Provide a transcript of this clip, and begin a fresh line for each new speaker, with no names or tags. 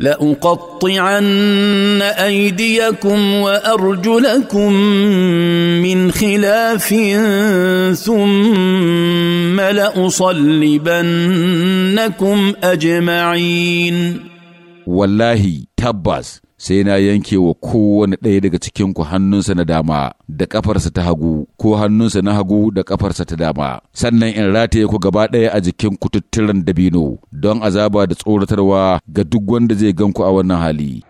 لأقطعن أيديكم وأرجلكم من خلاف ثم لأصلبنكم أجمعين
والله تبس sai na yanke wa kowane ɗaya daga cikinku hannunsa na dama da ƙafarsa ta hagu ko hannunsa na hagu da ƙafarsa ta dama sannan in rataye ku gaba ɗaya a jikin kututturen dabino don azaba da tsoratarwa ga duk wanda
zai ganku a wannan hali